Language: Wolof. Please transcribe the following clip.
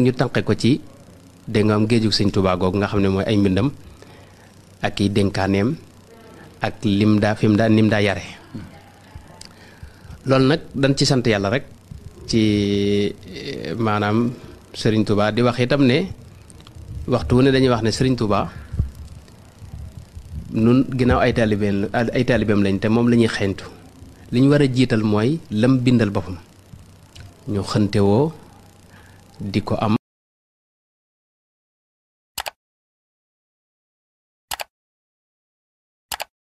ñu tànqe ko ci dégg nga am géejug sëñ Tuubaa googu nga xam ne mooy ay mbindam ak i dénkaaneem ak lim daa fi mu nim daa yare loolu nag dañ ci sant yàlla rek ci eh, maanaam sëriñ Tuubaa di wax tam ne waxtu wu ne dañuy wax ne sëriñ Tuubaa nun ginnaaw ay taalibeem ay lañ te moom la ñuy xeeñtu li war a jiital mooy lam bindal boppam ñu xëntewoo di ko am